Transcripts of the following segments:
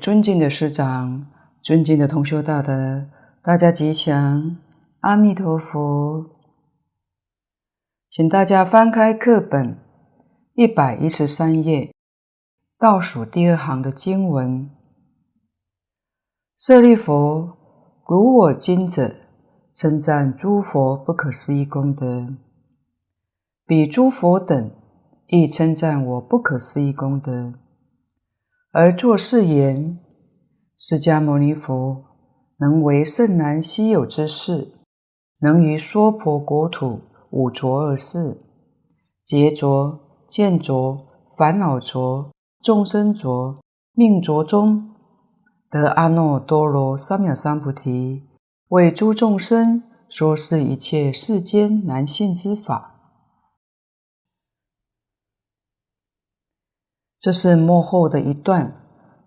尊敬的師長，尊敬的同修大德，大家吉祥，阿彌陀佛！請大家翻開課本一百一十三頁，倒數第二行的經文：“舍利弗，如我今者，稱讚諸佛不可思議功德，彼諸佛等亦稱讚我不可思議功德。”而作是言：釋迦牟尼佛能為甚難稀有之事，能於娑婆國土五濁惡世，劫濁、見濁、煩惱濁、眾生濁、命濁中，得阿耨多羅三藐三菩提，為諸眾生說是一切世間難信之法。這是末後的一段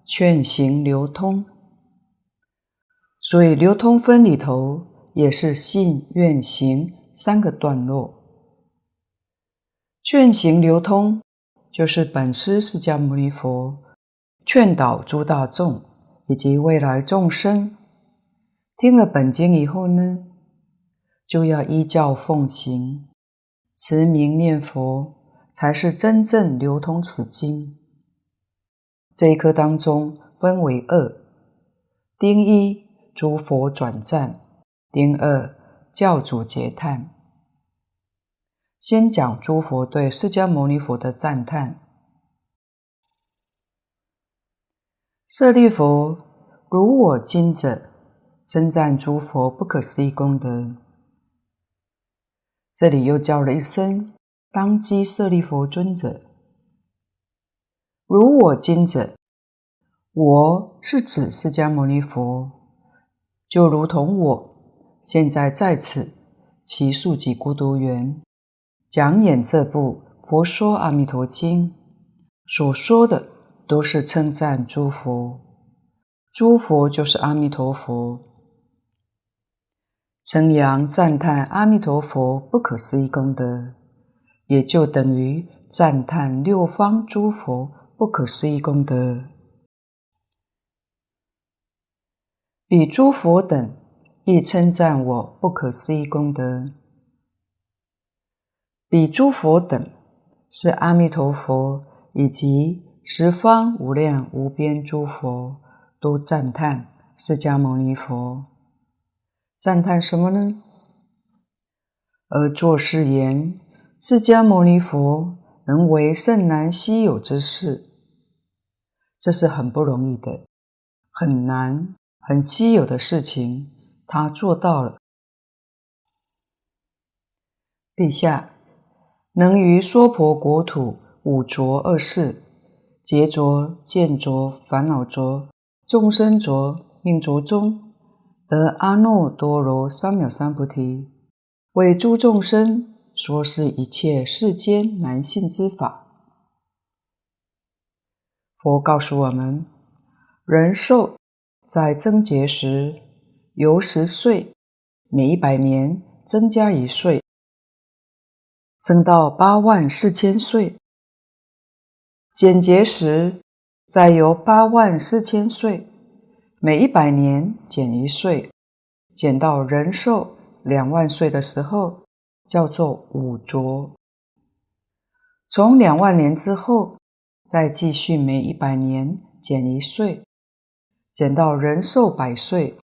勸行流通，所以流通分裡頭也是信願行三個段落。勸行流通就是本師釋迦牟尼佛勸導諸大眾以及未來眾生，聽了本經以後呢，就要依教奉行，持名念佛，才是真正流通此經。這一科當中分為二：丁一諸佛轉讚，丁二教主結嘆。先講諸佛對釋迦牟尼佛的讚嘆。舍利弗，如我今者稱讚諸佛不可思議功德。這裡又叫了一聲“當機舍利弗尊者”。如我今者，我是指釋迦牟尼佛，就如同我現在在此祇樹給孤獨園講演這部《佛說阿彌陀經》，所說的都是稱讚諸佛，諸佛就是阿彌陀佛，稱揚讚歎阿彌陀佛不可思議功德，也就等於讚歎六方諸佛。不可思議功德，彼諸佛等亦稱讚我不可思議功德。彼諸佛等是阿彌陀佛以及十方無量無邊諸佛都讚歎釋迦牟尼佛，讚歎什麼呢？而作是言：釋迦牟尼佛。能為甚難稀有之事，這是很不容易的，很難、很稀有的事情，他做到了。陛下能於娑婆國土五濁二世，劫濁、見濁、煩惱濁、眾生濁、命濁中，得阿耨多羅三藐三菩提，為諸眾生。說是一切世間難信之法。佛告訴我們，人壽在增劫時由十歲，每一百年增加一歲，增到八萬四千歲；減劫時再由八萬四千歲，每一百年減一歲，減到人壽兩萬歲的時候。叫做五濁，從兩萬年之後，再繼續每一百年減一歲，減到人壽百歲，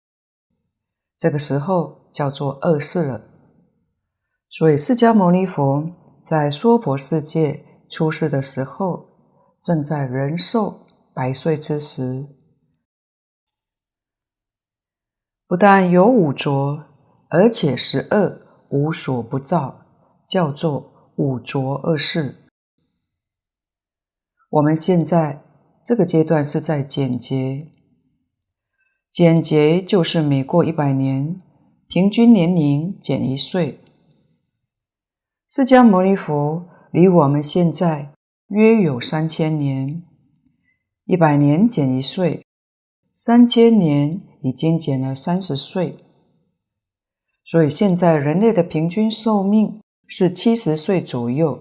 這個時候叫做惡世了。所以釋迦牟尼佛在娑婆世界出世的時候，正在人壽百歲之時，不但有五濁，而且是惡。無所不造，叫做五濁惡世。我們現在這個階段是在減劫，減劫就是每過一百年，平均年齡減一歲。釋迦牟尼佛離我們現在約有三千年，一百年減一歲，三千年已經減了三十歲。所以現在人類的平均壽命是七十歲左右，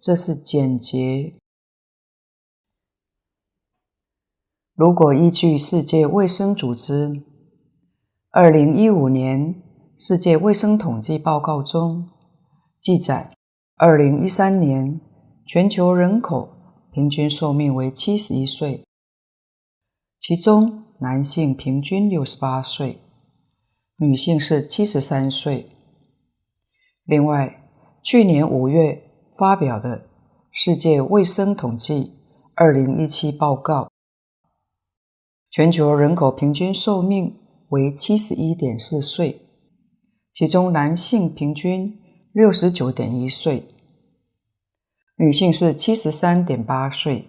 這是簡潔。如果依據世界衛生組織二零一五年《世界衛生統計報告》中記載，二零一三年全球人口平均壽命為七十一歲，其中男性平均六十八歲。女性是七十三歲。另外，去年五月發表的《世界衛生統計二零一七報告》，全球人口平均壽命為七十一點四歲，其中男性平均六十九點一歲，女性是七十三點八歲，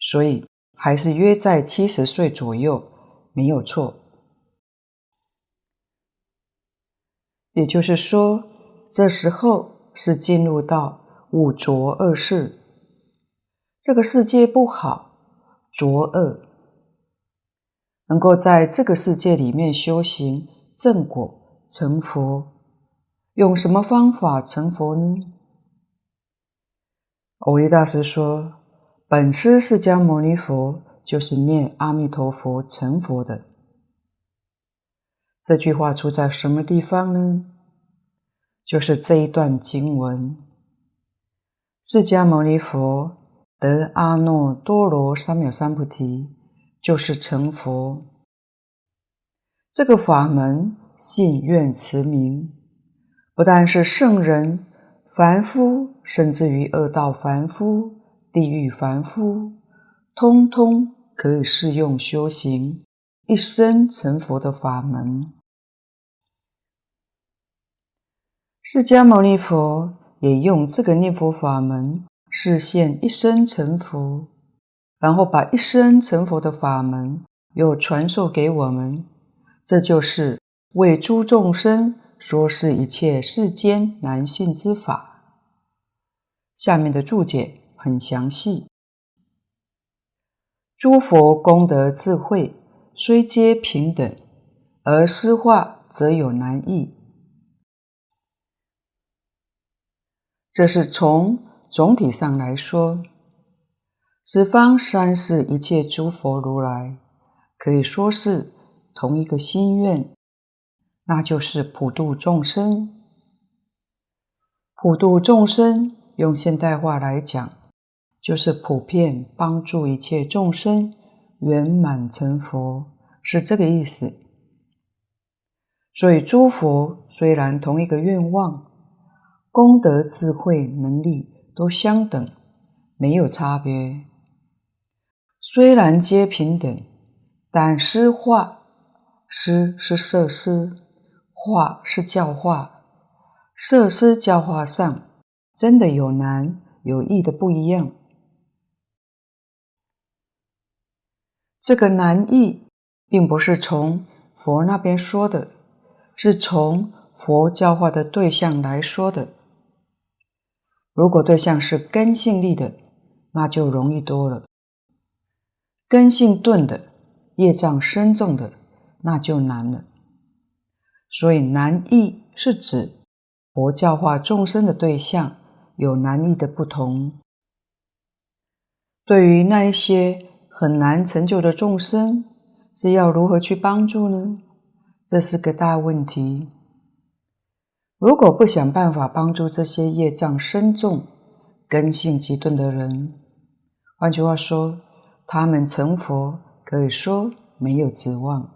所以還是約在七十歲左右，沒有錯。也就是說，這時候是進入到五濁惡世，這個世界不好，濁惡。能夠在這個世界裡面修行正果成佛，用什麼方法成佛呢？藕益大師說，本師釋迦牟尼佛就是念阿彌陀佛成佛的。這句話出在什麼地方呢？就是這一段經文：釋迦牟尼佛得阿耨多羅三藐三菩提，就是成佛。這個法門信願持名，不但是聖人、凡夫，甚至於惡道凡夫、地獄凡夫，通通可以適用修行。一生成佛的法門，釋迦牟尼佛也用這個念佛法門示現一生成佛，然後把一生成佛的法門又傳授給我們，這就是為諸眾生說是一切世間難信之法。下面的注解很詳細，諸佛功德智慧。雖皆平等，而施化則有難易。這是從總體上來說，十方三世一切諸佛如來，可以說是同一個心願，那就是普度眾生。普度眾生，用現代話來講，就是普遍幫助一切眾生。圓滿成佛是這個意思。所以諸佛雖然同一個願望，功德、智慧、能力都相等，沒有差別。雖然皆平等，但施化，施是設施，化是教化，設施教化上真的有難有易的不一樣。這個難易，並不是從佛那邊說的，是從佛教化的對象來說的。如果對象是根性利的，那就容易多了；根性鈍的，業障深重的，那就難了。所以難易是指佛教化眾生的對象有難易的不同。對於那一些。很難成就的眾生是要如何去幫助呢？這是個大問題。如果不想辦法幫助這些業障深重、根性極鈍的人，換句話說，他們成佛可以說沒有指望。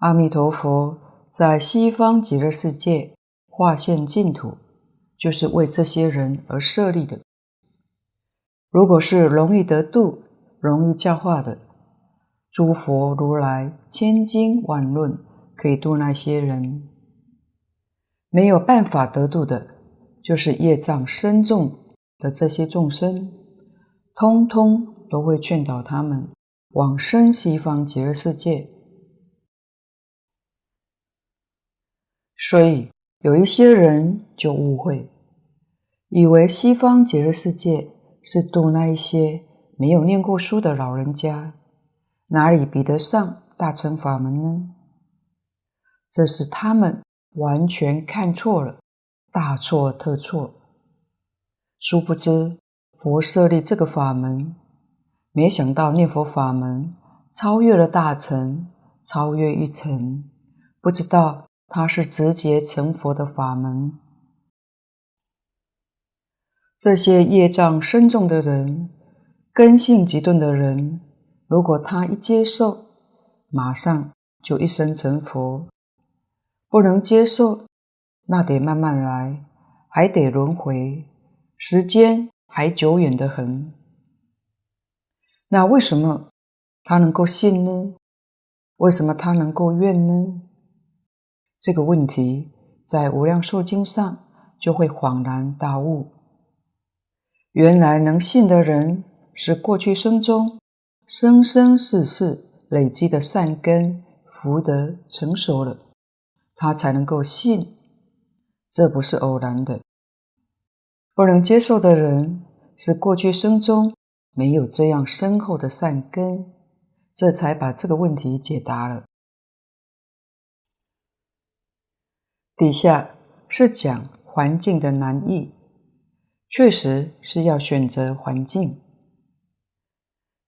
阿彌陀佛在西方極樂世界化現淨土，就是為這些人而設立的。如果是容易得度、容易教化的，諸佛如來千經萬論可以度那些人；沒有辦法得度的，就是業障深重的這些眾生，通通都會勸導他們往生西方極樂世界。所以有一些人就誤會，以為西方極樂世界。是度那一些沒有念過書的老人家，哪裡比得上大乘法門呢？這是他們完全看錯了，大錯特錯。殊不知佛設立這個法門，沒想到念佛法門超越了大乘，超越一乘，不知道它是直接成佛的法門。這些業障深重的人，根性極鈍的人，如果他一接受，馬上就一生成佛；不能接受，那得慢慢來，還得輪回，時間還久遠的很。那為什麼他能夠信呢？為什麼他能夠願呢？這個問題在《無量壽經》上就會恍然大悟。原來能信的人是過去生中生生世世累積的善根福德成熟了，他才能夠信，這不是偶然的。不能接受的人是過去生中沒有這樣深厚的善根，這才把這個問題解答了。底下是講環境的難易。確實是要選擇環境，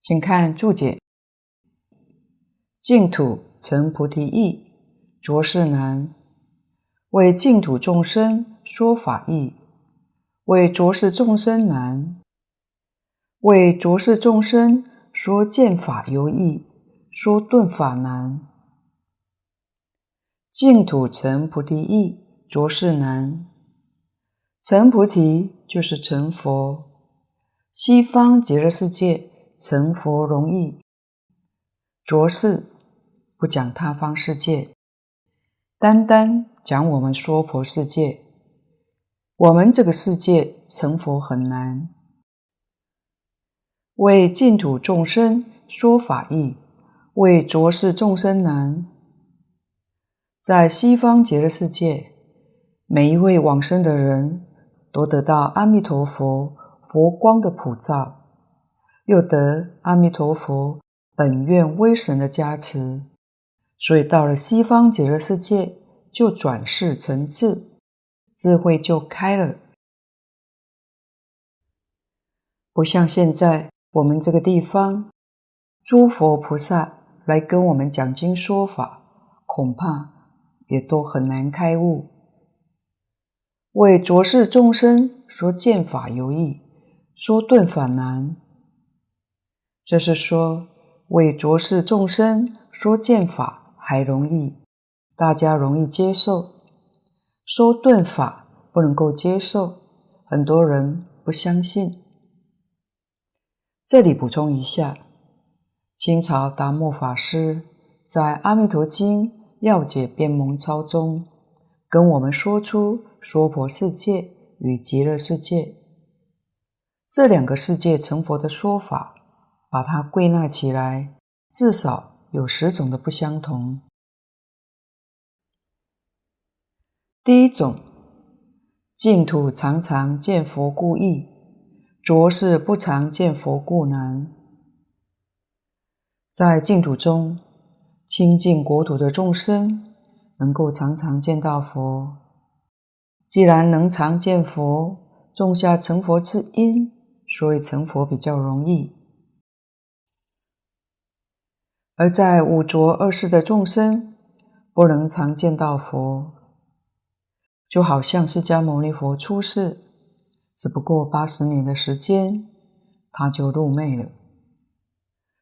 請看註解：淨土成菩提易，着世難；為淨土眾生說法易，為着世眾生難；為着世眾生說見法尤易，說頓法難。淨土成菩提易，着世難。成菩提就是成佛。西方極樂世界成佛容易，濁世不講他方世界，單單講我們娑婆世界。我們這個世界成佛很難。為淨土眾生說法易，為濁世眾生難。在西方極樂世界，每一位往生的人。都得到阿彌陀佛佛光的普照，又得阿彌陀佛本願威神的加持，所以到了西方極樂世界，就轉識成智，智慧就開了。不像現在我們這個地方，諸佛菩薩來跟我們講經說法，恐怕也都很難開悟。為濁世眾生說漸法有益，說頓法難。這是說為濁世眾生說漸法還容易，大家容易接受，；說頓法不能夠接受，很多人不相信。這裡補充一下，清朝達默法師在《阿彌陀經要解》便蒙鈔中跟我們說出。娑婆世界與極樂世界這兩個世界成佛的說法，把它歸納起來，至少有十種的不相同。第一種，淨土常常見佛故易，濁世不常見佛故難。在淨土中，清淨國土的眾生能夠常常見到佛。既然能常見佛，種下成佛之因，所以成佛比較容易。而在五濁惡世的眾生，不能常見到佛，就好像釋迦牟尼佛出世，只不過八十年的時間，他就入滅了。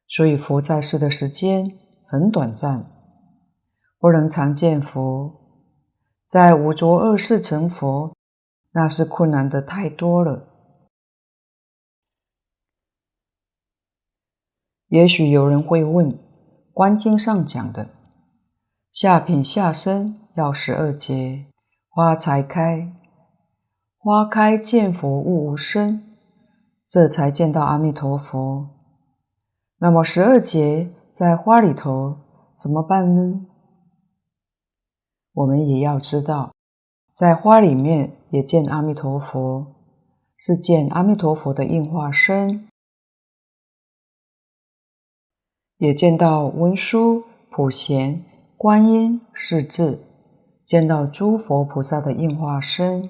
所以佛在世的時間很短暫，不能常見佛。在五濁惡世成佛，那是困難的太多了。也許有人會問，《觀經》上講的下品下生要十二劫花才開，花開見佛悟無生，這才見到阿彌陀佛。那麼十二劫在花裡頭怎麼辦呢？我們也要知道，在花裡面也見阿彌陀佛，是見阿彌陀佛的應化身，也見到文殊、普賢、觀音、勢至，見到諸佛菩薩的應化身，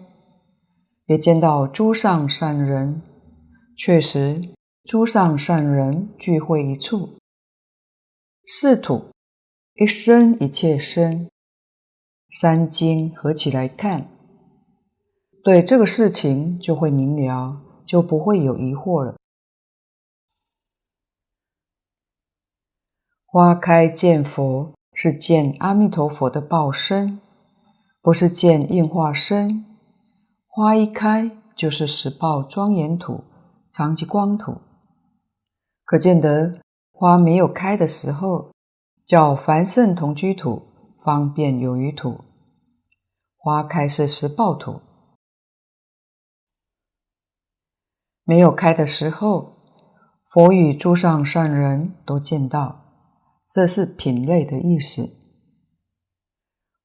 也見到諸上善人。確實，諸上善人聚會一處，是土，一身一切身。三經合起來看，對這個事情就會明了，就不會有疑惑了。花開見佛是見阿彌陀佛的報身，不是見應化身。花一開就是實報莊嚴土，常寂光土。可見得花沒有開的時候，叫凡聖同居土。方便有餘土，花開是實報土。沒有開的時候，佛與諸上善人都見到，這是品類的意思。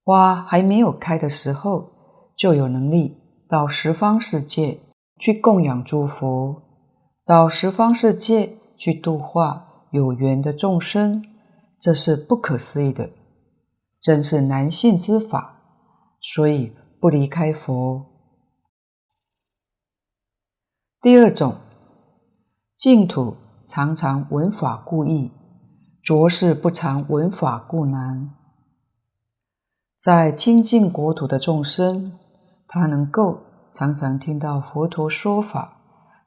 花還沒有開的時候，就有能力到十方世界去供養諸佛，到十方世界去度化有緣的眾生，這是不可思議的。真是難信之法，所以不離開佛。第二種，淨土常常聞法故易，濁世不常聞法故難。在清淨國土的眾生，他能夠常常聽到佛陀說法，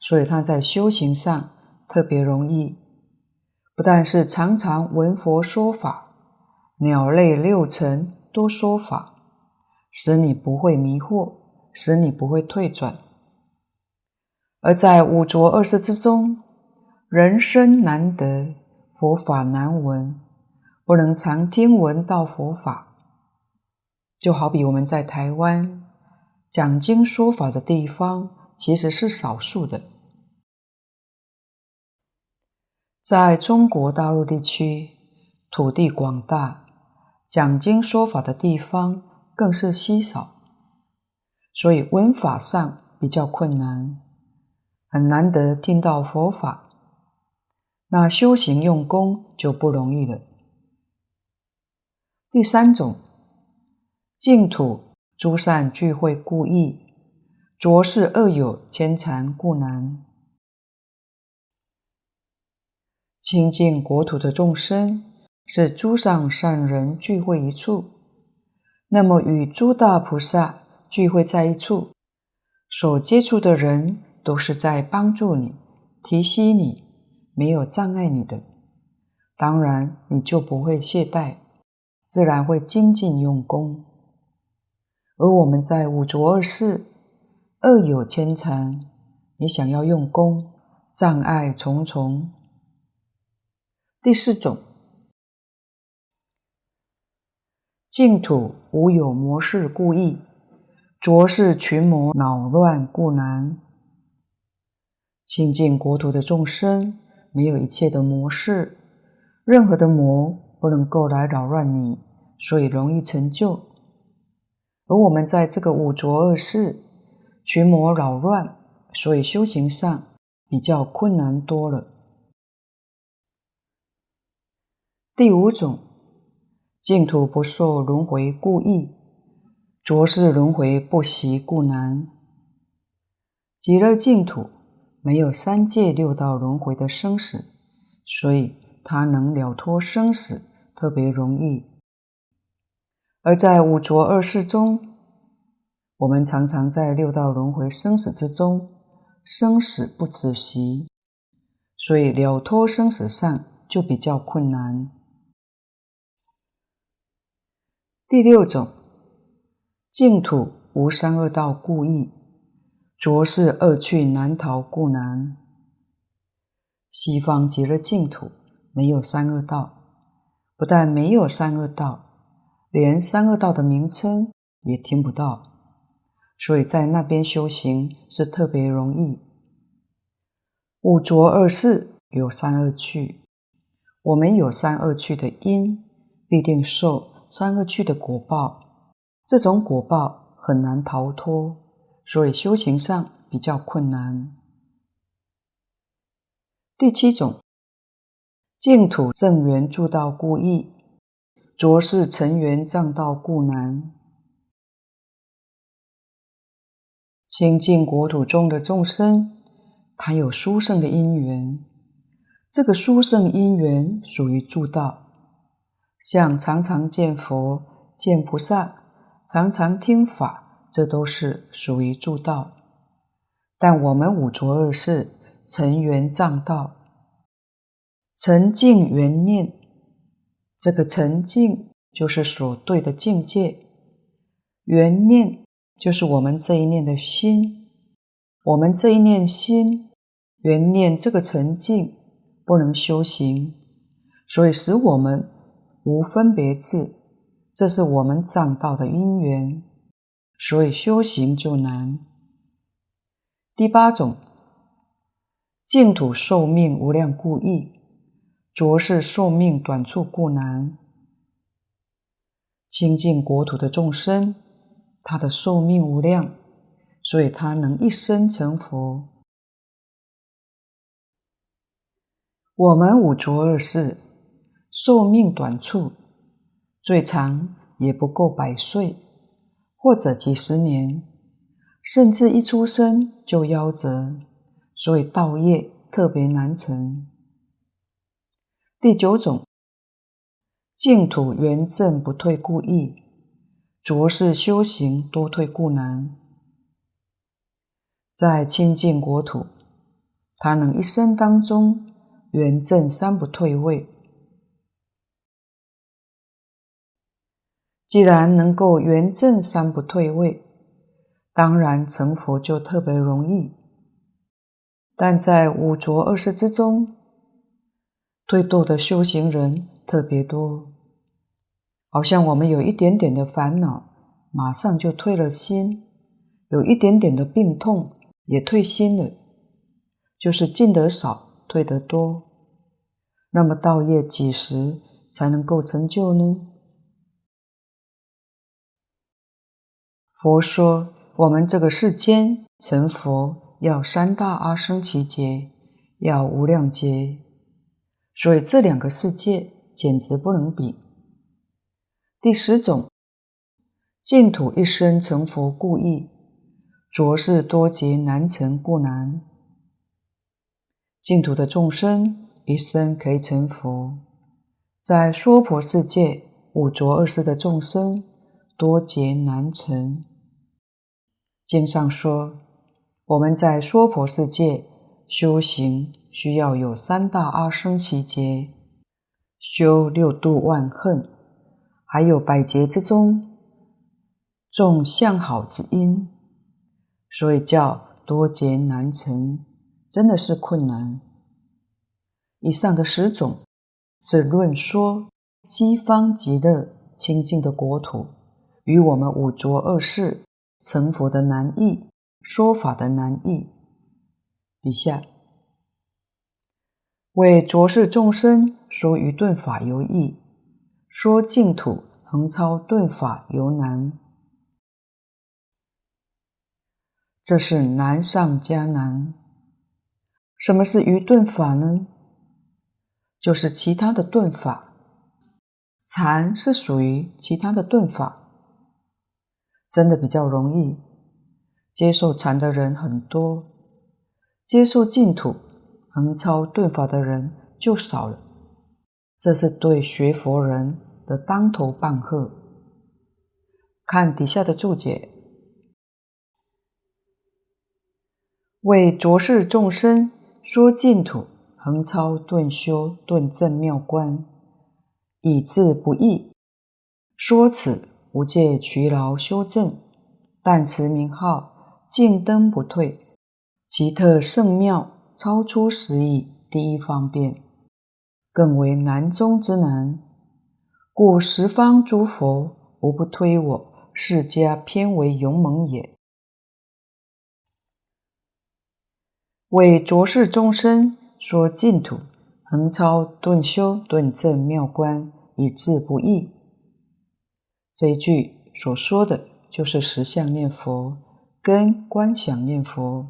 所以他在修行上特別容易。不但是常常聞佛說法。鳥類六成多說法，使你不會迷惑，使你不會退轉。而在五濁惡世之中，人生難得，佛法難聞，不能常聽聞到佛法。就好比我們在台灣講經說法的地方，其實是少數的。在中國大陸地區，土地廣大。講經說法的地方更是稀少，所以聞法上比較困難，很難得聽到佛法，那修行用功就不容易了。第三種，淨土諸善聚會故易，濁世惡友牽纏故難，清淨國土的眾生，是諸上善人聚會一處，那麼與諸大菩薩聚會在一處，所接觸的人都是在幫助你、提攜你，沒有障礙你的，當然你就不會懈怠，自然會精進用功。而我們在五濁惡世、惡友牽纏，你想要用功，障礙重重。第四種。淨土無有魔事故易，濁世群魔擾亂故難。清淨國土的眾生沒有一切的魔事，任何的魔不能夠來擾亂你，所以容易成就。而我們在這個五濁惡世，群魔擾亂，所以修行上比較困難多了。第五種。淨土不受輪迴故易，濁世輪迴不息故難。極樂淨土沒有三界六道輪迴的生死，所以它能了脫生死特別容易。而在五濁惡世中，我們常常在六道輪迴生死之中，生死不止息，所以了脫生死上就比較困難。第六種，淨土無三惡道故易，濁世惡趣難逃故難。西方極樂淨土沒有三惡道，不但沒有三惡道，連三惡道的名稱也聽不到，所以在那邊修行是特別容易。五濁惡世有三惡趣，我們有三惡趣的因，必定受。三個趣的果報，這種果報很難逃脫，所以修行上比較困難。第七種，淨土聖緣助道故易，濁世塵緣障道故難。清淨國土中的眾生，他有殊勝的因緣，這個殊勝因緣屬於助道。像常常見佛、見菩薩，常常聽法，這都是屬於助道。但我們五濁惡世，塵緣障道，塵境緣念。這個塵境就是所對的境界，緣念就是我們這一念的心。我們這一念心，緣念這個塵境不能修行，所以使我們。無分別智，這是我們障道的因緣，所以修行就難。第八種，淨土壽命無量故易，濁世壽命短促故難。清淨國土的眾生，他的壽命無量，所以他能一生成佛。我們五濁惡世。壽命短促，最長也不夠百歲，或者幾十年，甚至一出生就夭折，所以道業特別難成。第九種，淨土圓證不退故易，濁世修行多退故難。在清淨國土，他能一生當中圓證三不退位。既然能夠圓證三不退位，當然成佛就特別容易。但在五濁惡世之中，退墮的修行人特別多，好像我們有一點點的煩惱，馬上就退了心；有一點點的病痛，也退心了。就是進得少，退得多。那麼道業幾時才能夠成就呢？佛說，我們這個世間成佛要三大阿僧祇劫，要無量劫，所以這兩個世界簡直不能比。第十種，淨土一生成佛故易，濁世多劫難成故難。淨土的眾生一生可以成佛，在娑婆世界五濁惡世的眾生多劫難成。經上說，我們在娑婆世界修行，需要有三大阿僧祇劫修六度萬行，還有百劫之中種相好之因，所以叫多劫難成，真的是困難。以上的十種是論說西方極樂清淨的國土，與我們五濁惡世。成佛的難易，說法的難易。以下為濁世眾生說餘頓法猶易，說淨土橫超頓法猶難，這是難上加難。什麼是餘頓法呢？就是其他的頓法，禪是屬於其他的頓法。真的比較容易，接受禪的人很多，接受淨土橫超頓法的人就少了。這是對學佛人的當頭棒喝。看底下的注解：為濁世眾生說淨土橫超頓修頓證妙觀，以自不易說此。不借劬勞修證，但持名號，徑登不退，奇特聖妙，超出思議第一方便，更為難中之難。故十方諸佛無不推我釋迦偏為勇猛也。為濁世眾生說淨土，橫超頓修頓證妙觀，以致不易。這一句所說的就是實相念佛跟觀想念佛，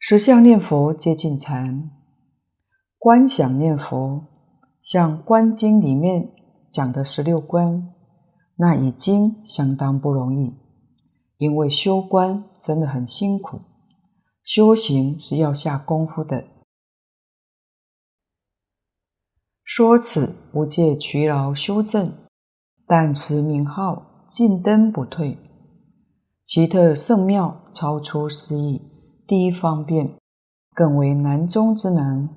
實相念佛接近禪，觀想念佛像觀經裡面講的十六觀，那已經相當不容易，因為修觀真的很辛苦，修行是要下功夫的。說此不借劬勞修正。但持名號進登不退，奇特聖妙，超出思議，第一方便，更為難中之難。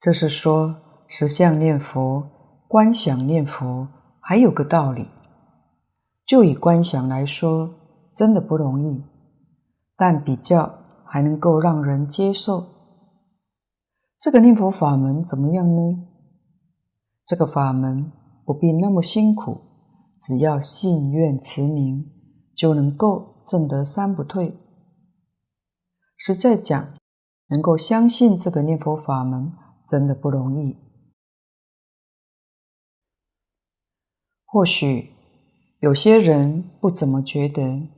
這是說實相念佛、觀想念佛還有個道理。就以觀想來說，真的不容易，但比較還能夠讓人接受。這個念佛法門怎麼樣呢？這個法門不必那麼辛苦，只要信願持名，就能夠證得三不退。實在講，能夠相信這個念佛法門，真的不容易。或許有些人不怎麼覺得，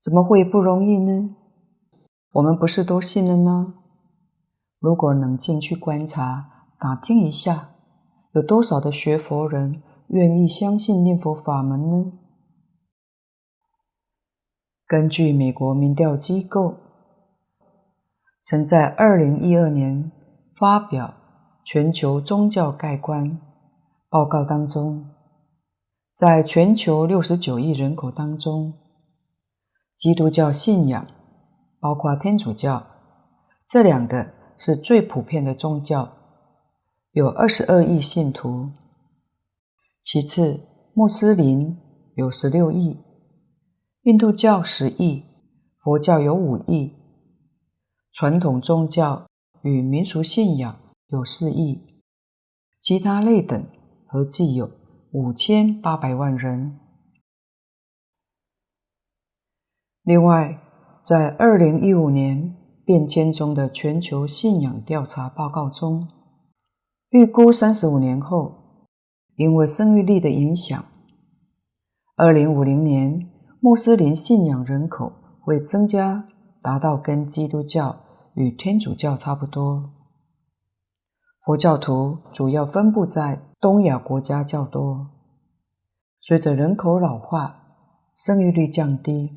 怎麼會不容易呢？我們不是都信了嗎？如果冷靜去觀察、打聽一下。有多少的學佛人願意相信念佛法門呢？根據美國民調機構，曾在二零一二年發表全球宗教概觀報告當中，在全球六十九億人口當中，基督教信仰，包括天主教，這兩個是最普遍的宗教。有二十二億信徒，其次穆斯林有十六億，印度教十億，佛教有五億，傳統宗教與民俗信仰有四億，其他類等合計有五千八百萬人。另外，在二零一五年《變遷中的全球信仰調查報告》中，預估三十五年後，因為生育力的影響，二零五零年穆斯林信仰人口會增加，達到跟基督教與天主教差不多。佛教徒主要分布在東亞國家較多。隨着人口老化、生育率降低，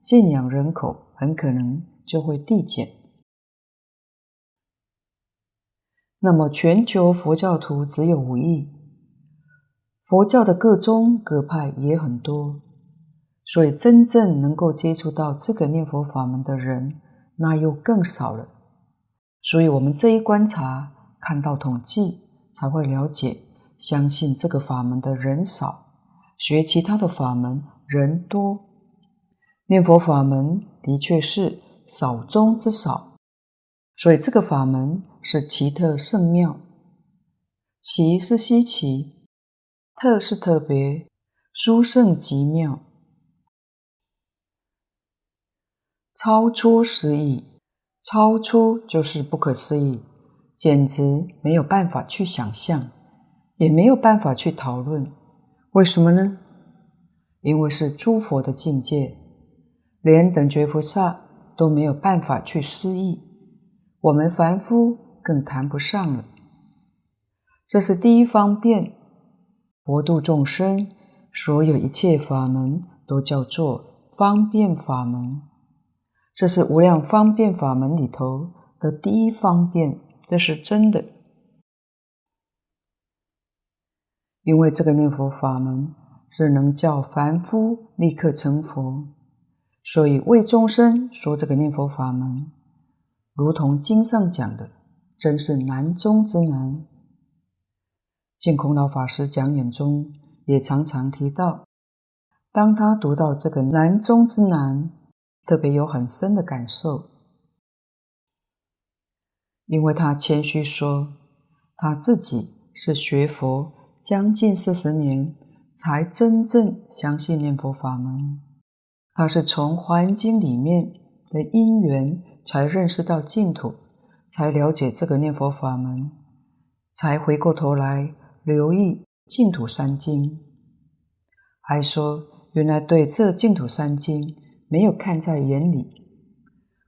信仰人口很可能就會遞減。那麼，全球佛教徒只有五億，佛教的各宗各派也很多，所以真正能夠接觸到這個念佛法門的人，那又更少了。所以我們這一觀察，看到統計，才會了解，相信這個法門的人少，學其他的法門人多，念佛法門的確是少中之少，所以這個法門，是奇特勝妙，奇是稀奇，特是特別，殊勝極妙，超出思議。超出就是不可思議，簡直沒有辦法去想象，也沒有辦法去討論。為什麼呢？因為是諸佛的境界，連等覺菩薩都沒有辦法去思議。我們凡夫，更談不上了。這是第一方便，佛度眾生，所有一切法門都叫做方便法門。這是無量方便法門裡頭的第一方便，這是真的。因為這個念佛法門是能叫凡夫立刻成佛，所以為眾生說這個念佛法門，如同經上講的，真是難中之難。淨空老法師講演中也常常提到，當他讀到這個難中之難，特別有很深的感受，因為他謙虛說，他自己是學佛將近四十年，才真正相信念佛法門，他是從《華嚴經》裡面的因緣才認識到淨土。才了解這個念佛法門，才回過頭來留意淨土三經。還說原來對這淨土三經沒有看在眼裡，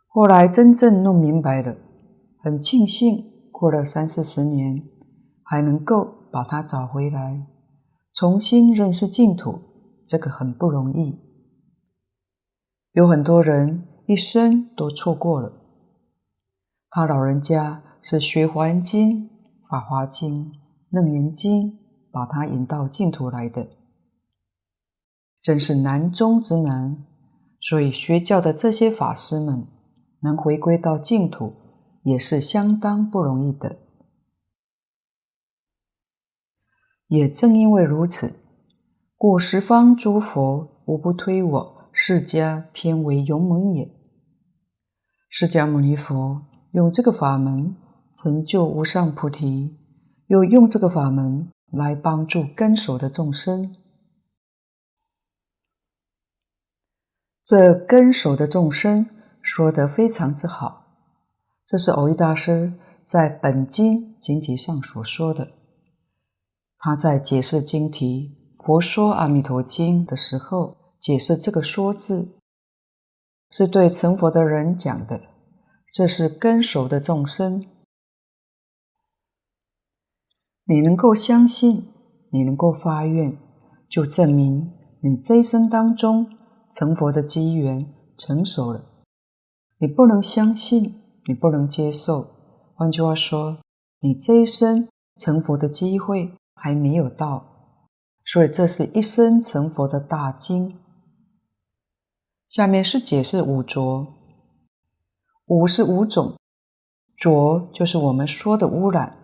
後來真正弄明白了，很慶幸過了三四十年，還能夠把它找回來，重新認識淨土，這個很不容易。有很多人一生都錯過了。他老人家是學《華嚴經》《法華經》《楞嚴經》，把他引到淨土來的，真是難中之難。所以學教的這些法師們能回歸到淨土，也是相當不容易的。也正因為如此，故十方諸佛無不推我釋迦偏為勇猛也。釋迦牟尼佛。用這個法門成就無上菩提，又用這個法門來幫助根熟的眾生。這根熟的眾生說得非常之好，這是蕅益大師在本經經題上所說的。他在解釋經題《佛說阿彌陀經》的時候，解釋這個“說”字，是對成佛的人講的。這是根熟的眾生，你能夠相信，你能夠發願，就證明你這一生當中成佛的機緣成熟了。你不能相信，你不能接受，換句話說，你這一生成佛的機會還沒有到。所以，這是一生成佛的大經。下面是解釋五濁。五是五種濁，就是我們說的污染。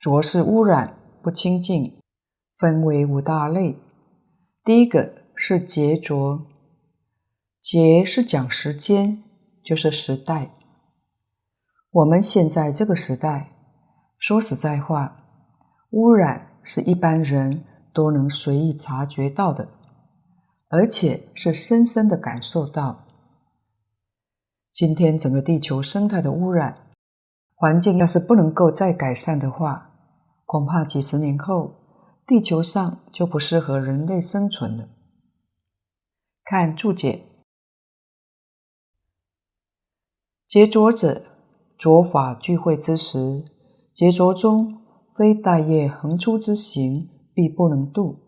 濁是污染，不清淨，分為五大類。第一個是劫濁，劫是講時間，就是時代。我們現在這個時代，說實在話，污染是一般人都能隨意察覺到的，而且是深深地感受到。今天整個地球生態的污染，環境要是不能夠再改善的話，恐怕幾十年後，地球上就不適合人類生存了。看注解：劫濁者，濁法聚會之時，劫濁中，非帶業橫出之行，必不能度。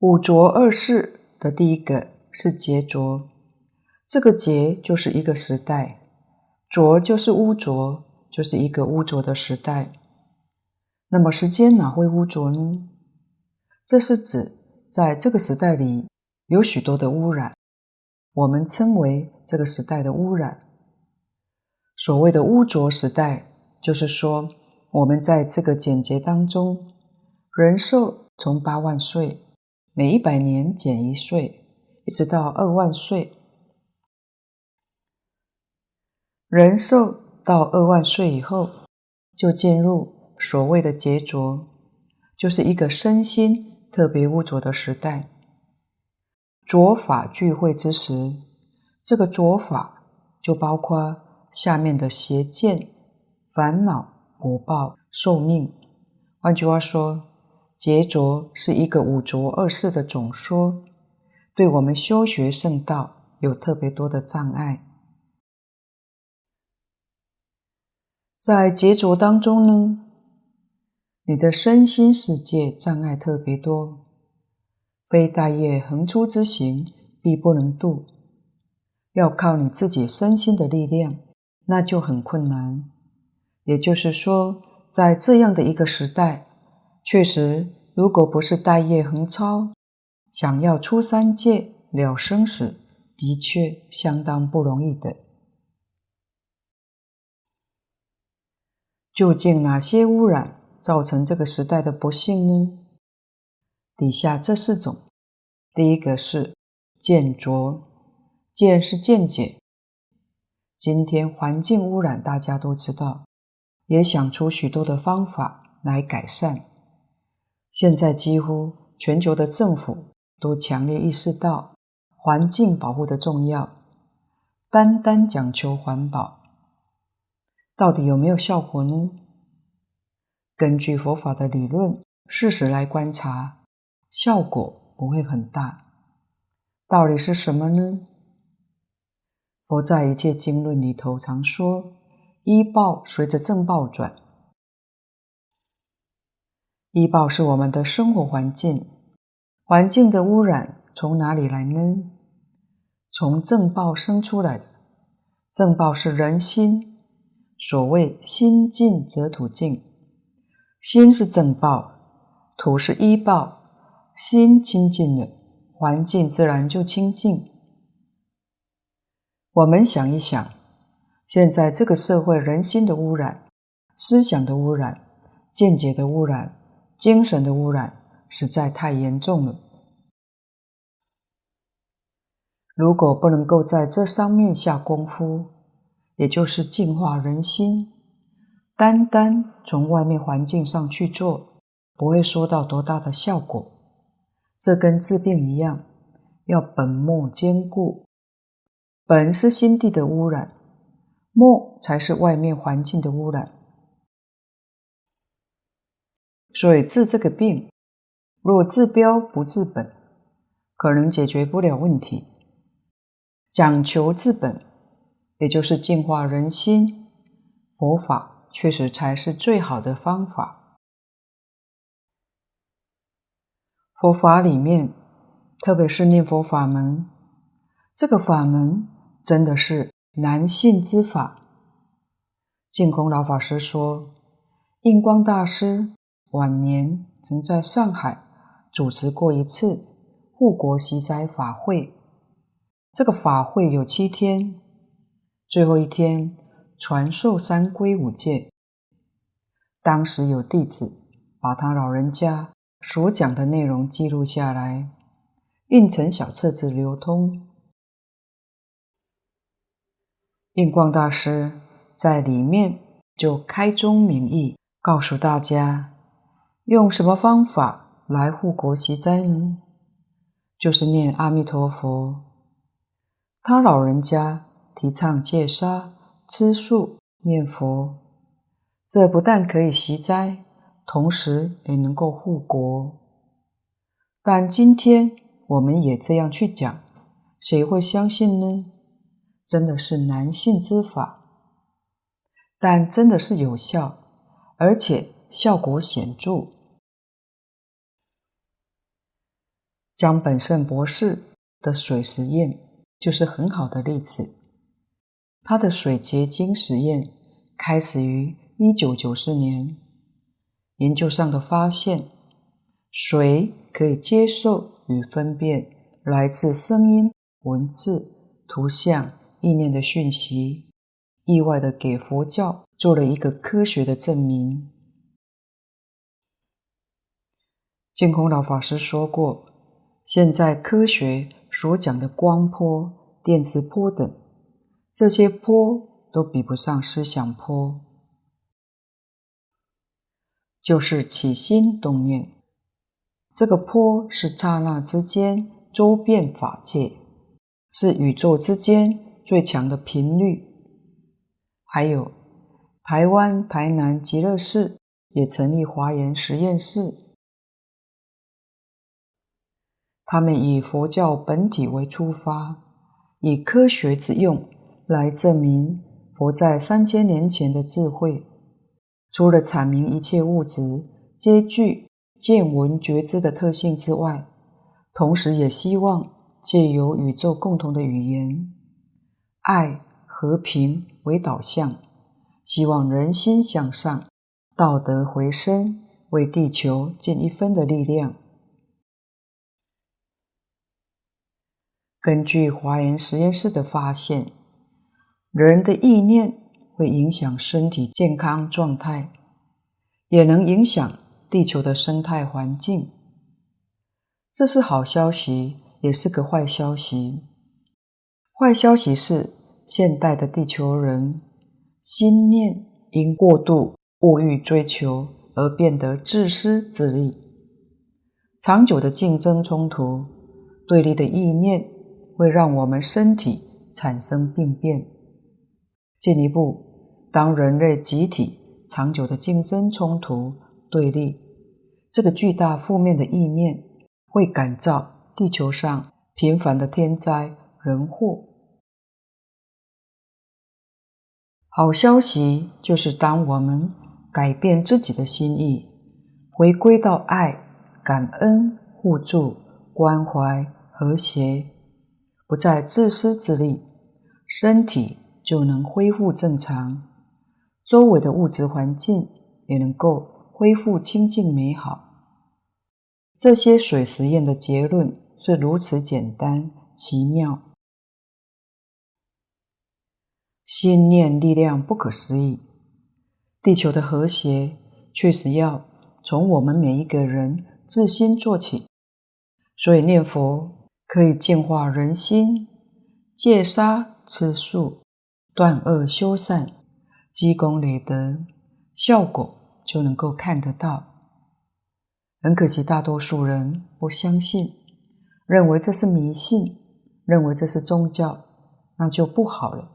五濁二世的第一個。是劫濁，這個劫就是一個時代，濁就是污濁，就是一個污濁的時代。那麼時間哪會污濁呢？這是指在這個時代裡有許多的污染，我們稱為這個時代的污染。所謂的污濁時代，就是說我們在這個減劫當中，人壽從八萬歲，每一百年減一歲。一直到二萬歲，人壽到二萬歲以後，就進入所謂的劫濁，就是一個身心特別污濁的時代。濁法聚會之時，這個濁法就包括下面的邪見、煩惱、果報、壽命。換句話說，劫濁是一個五濁惡世的總說。對我們修學聖道有特別多的障礙，在劫濁當中呢，你的身心世界障礙特別多，非帶業橫出之行必不能度，要靠你自己身心的力量，那就很困難。也就是說，在這樣的一個時代，確實，如果不是帶業橫超。想要出三界了生死，的確相當不容易的。究竟哪些污染造成這個時代的不幸呢？底下這四種，第一個是見濁，見是見解。今天環境污染大家都知道，也想出許多的方法來改善。現在幾乎全球的政府。都強烈意識到環境保護的重要，單單講求環保，到底有沒有效果呢？根據佛法的理論、事實來觀察，效果不會很大。道理是什麼呢？佛在一切經論裡頭常說：依報隨着正報轉。依報是我們的生活環境。環境的污染從哪裡來呢？從正報生出來的。正報是人心，所謂心淨則土淨。心是正報，土是依報，心清淨了，環境自然就清淨。我們想一想，現在這個社會人心的污染、思想的污染、見解的污染、精神的污染。實在太嚴重了。如果不能夠在這上面下功夫，也就是淨化人心，單單從外面環境上去做，不會收到多大的效果。這跟治病一樣，要本末兼顧。本是心地的污染，末才是外面環境的污染。所以治這個病。若治標不治本，可能解決不了問題。講求治本，也就是淨化人心，佛法確實才是最好的方法。佛法裡面，特別是念佛法門，這個法門真的是難信之法。淨空老法師說，印光大師晚年曾在上海，主持過一次護國息災法會，這個法會有七天，最後一天傳授三歸五戒。當時有弟子把他老人家所講的內容記錄下來，印成小冊子流通。印光大師在裡面就開宗明義，告訴大家用什麼方法。來護國息災呢，就是念阿彌陀佛。他老人家提倡戒殺、吃素、念佛，這不但可以息災，同時也能夠護國。但今天我們也這樣去講，誰會相信呢？真的是難信之法，但真的是有效，而且效果顯著。江本勝博士的水實驗就是很好的例子。他的水結晶實驗開始於一九九四年，研究上的發現，水可以接受與分辨來自聲音、文字、圖像、意念的訊息，意外地給佛教做了一個科學的證明。淨空老法師說過。現在科學所講的光波、電磁波等，這些波都比不上思想波，就是起心動念。這個波是剎那之間周遍法界，是宇宙之間最強的頻率。還有，台灣台南極樂寺也成立華嚴實驗室。他們以佛教本體為出發，以科學之用來證明佛在三千年前的智慧。除了闡明一切物質皆具見聞覺知的特性之外，同時也希望借由宇宙共同的語言——愛、和平為導向，希望人心向上，道德回升，為地球盡一分的力量。根據華嚴實驗室的發現，人的意念會影響身體健康狀態，也能影響地球的生態環境。這是好消息，也是個壞消息。壞消息是，現代的地球人心念因過度物慾追求而變得自私自利，長久的競爭衝突、對立的意念。會讓我們身體產生病變。進一步，當人類集體長久的競爭、衝突、對立，這個巨大負面的意念會感召地球上頻繁的天災人禍。好消息就是，當我們改變自己的心意，回歸到愛、感恩、互助、關懷、和諧。不再自私自利，身體就能恢復正常，周圍的物質環境也能夠恢復清淨美好。這些水實驗的結論是如此簡單奇妙，心念力量不可思議。地球的和諧確實要從我們每一個人自心做起，所以念佛。可以淨化人心，戒殺吃素，斷惡修善，積功累德，效果就能夠看得到。很可惜，大多數人不相信，認為這是迷信，認為這是宗教，那就不好了。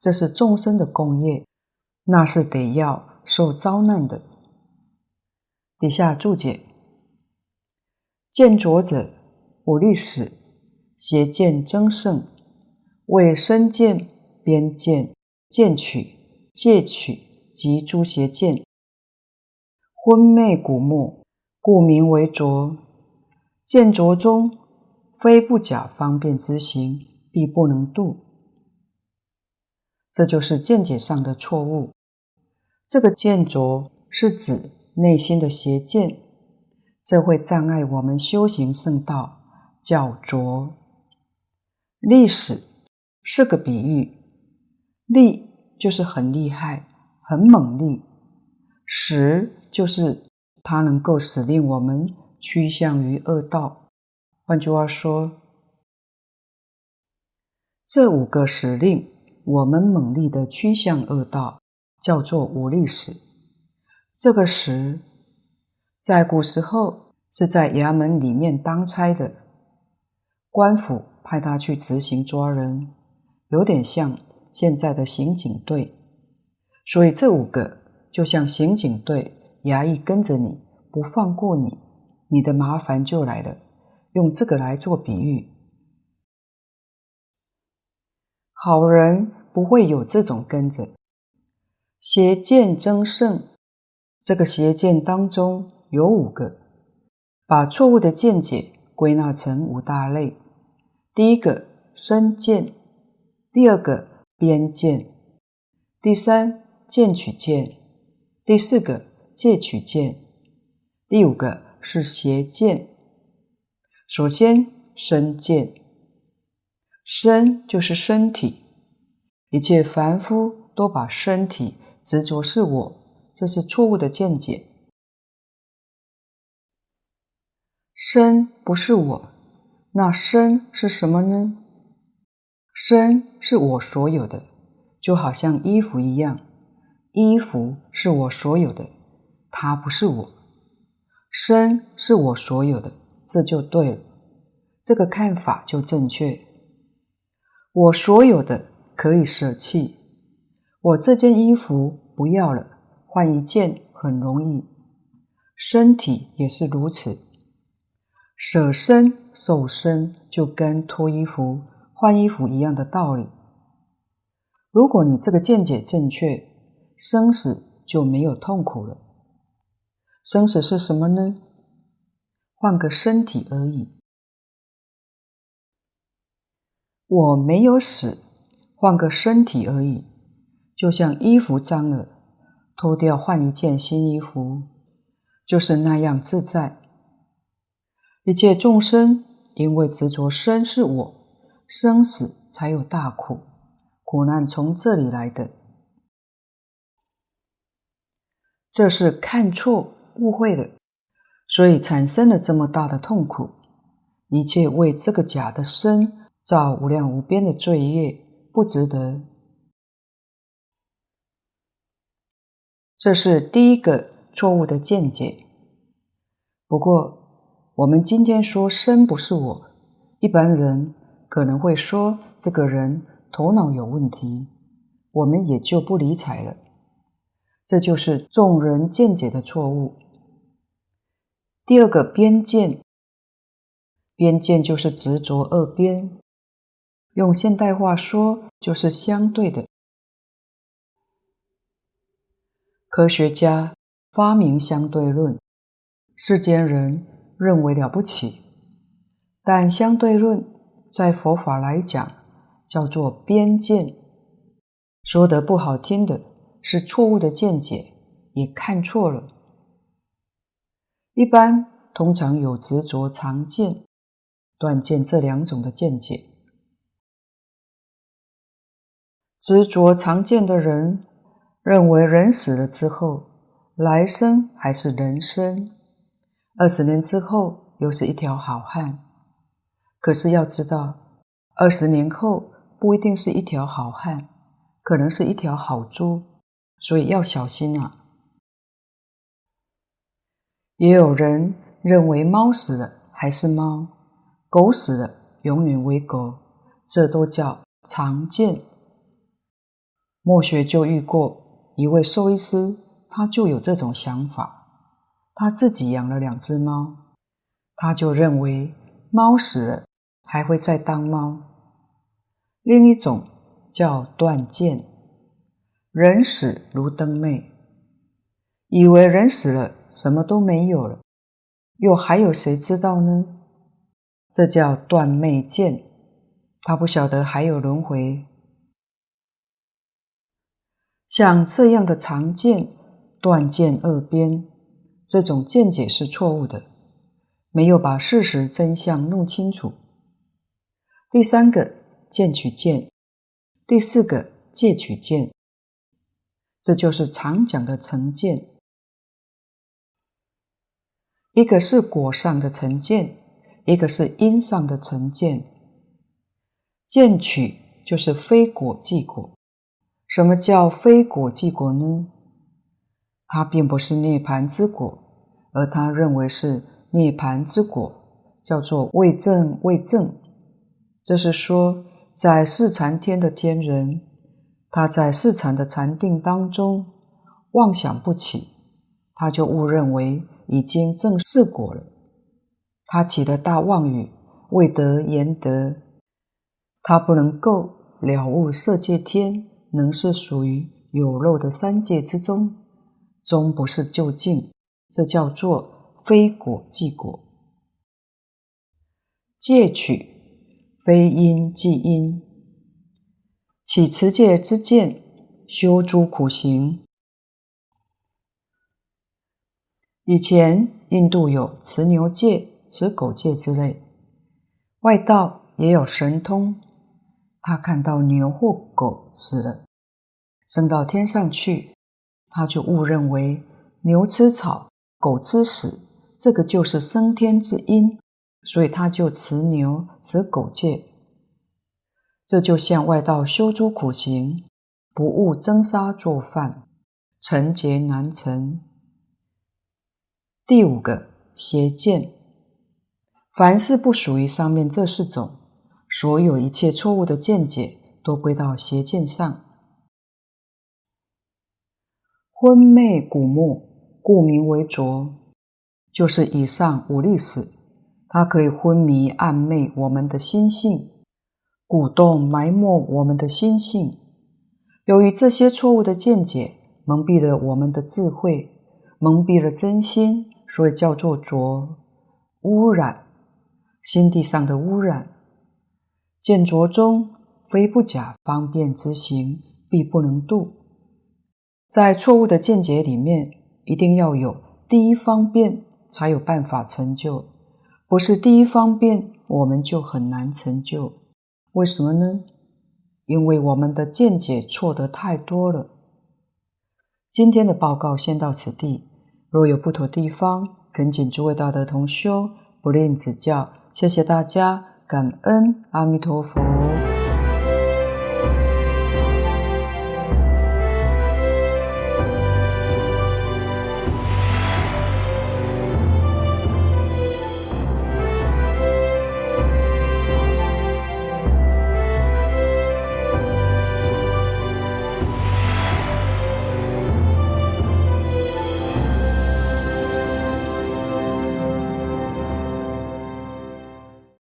這是眾生的共業，那是得要受遭難的。底下注解：見濁者。武力五利使，邪見增盛，為身見、邊見、見取、戒取及諸邪見，昏昧古墓，故名為濁。見濁中，非不假方便之行，必不能度。這就是見解上的錯誤。這個見濁是指內心的邪見，這會障礙我們修行聖道。叫做“利使”是個比喻，“利就是很厲害、很猛力，使就是它能夠使令我們趨向於惡道。換句話說，這五個使令我們猛力的趨向惡道，叫做五利使。這個使“使在古時候是在衙門裡面當差的。官府派他去執行抓人，有點像現在的刑警隊。所以這五個就像刑警隊，衙役，跟着你，不放過你，你的麻煩就來了。用這個來做比喻，好人不會有這種跟着。邪見增盛，這個邪見當中有五個，把錯誤的見解歸納成五大類。第一個身見，第二個邊見，第三見取見，第四個戒取見，第五個是邪見。首先身見，身就是身體，一切凡夫都把身體執着是我，這是錯誤的見解。身不是我。那身是什麼呢？身是我所有的，就好像衣服一樣，衣服是我所有的，它不是我。身是我所有的，這就對了，這個看法就正確。我所有的可以捨棄，我這件衣服不要了，換一件很容易。身體也是如此，捨身。受生就跟脫衣服，換衣服一樣的道理。如果你這個見解正確，生死就沒有痛苦了。生死是什麼呢？換個身體而已。我沒有死，換個身體而已，就像衣服髒了，脫掉換一件新衣服，就是那樣自在。一切眾生因為執着身是我，生死才有大苦，苦難從這裡來的。這是看錯誤會了，所以產生了這麼大的痛苦。一切為這個假的身造無量無邊的罪業，不值得。這是第一個錯誤的見解。不過。我們今天說身不是我，一般人可能會說這個人頭腦有問題，我們也就不理睬了。這就是眾人見解的錯誤。第二個邊見，邊見就是執着二邊，用現代話說就是相對的。科學家發明相對論，世間人。認為了不起，但相對論在佛法來講叫做邊見，說得不好聽的是錯誤的見解，也看錯了。一般通常有執着常見、斷見這兩種的見解。執着常見的人認為，人死了之後，來生還是人生。二十年之後又是一條好漢，可是要知道，二十年後不一定是一條好漢，可能是一條好豬，所以要小心啊。也有人認為貓死了還是貓，狗死了永遠為狗，這都叫常見。末學就遇過一位獸醫師，他就有這種想法。他自己養了兩隻貓，他就認為貓死了還會再當貓。另一種叫斷見，人死如燈滅，以為人死了什麼都沒有了，又還有誰知道呢？這叫斷滅見，他不曉得還有輪迴。像這樣的常見、斷見二邊。這種見解是錯誤的，沒有把事實真相弄清楚。第三個見取見，第四個戒取見，這就是常講的成見。一個是果上的成見，一個是因上的成見。見取就是非果即果。什麼叫非果即果呢？它並不是涅槃之果。而他認為是涅槃之果，叫做未證未證。這是說，在四禪天的天人，他在四禪的禪定當中妄想不起，他就誤認為已經證四果了。他起了大妄語，未得言得。他不能夠了悟色界天，能是屬於有漏的三界之中，終不是究竟。這叫做非果即果，戒取非因即因，起持戒之見，修諸苦行。以前印度有持牛戒、持狗戒之類，外道也有神通，他看到牛或狗死了，升到天上去，他就誤認為牛吃草，狗吃屎，這個就是升天之因，所以他就持牛、持狗戒。這就像外道修諸苦行，不誤蒸沙做飯，成劫難成。第五個邪見，凡是不屬於上面這四種，所有一切錯誤的見解，都歸到邪見上。昏昧古墓。故名為濁，就是以上五利使，它可以昏迷暗昧我們的心性，鼓動埋沒我們的心性。由於這些錯誤的見解，矇蔽了我們的智慧，矇蔽了真心，所以叫做濁，污染，心地上的污染。見濁中，非不假方便之行，必不能度。在錯誤的見解裡面。一定要有第一方便，才有辦法成就。不是第一方便，我們就很難成就。為什麼呢？因為我們的見解錯得太多了。今天的報告先到此地，若有不妥地方，懇請諸位道德同修不吝指教。謝謝大家，感恩阿彌陀佛。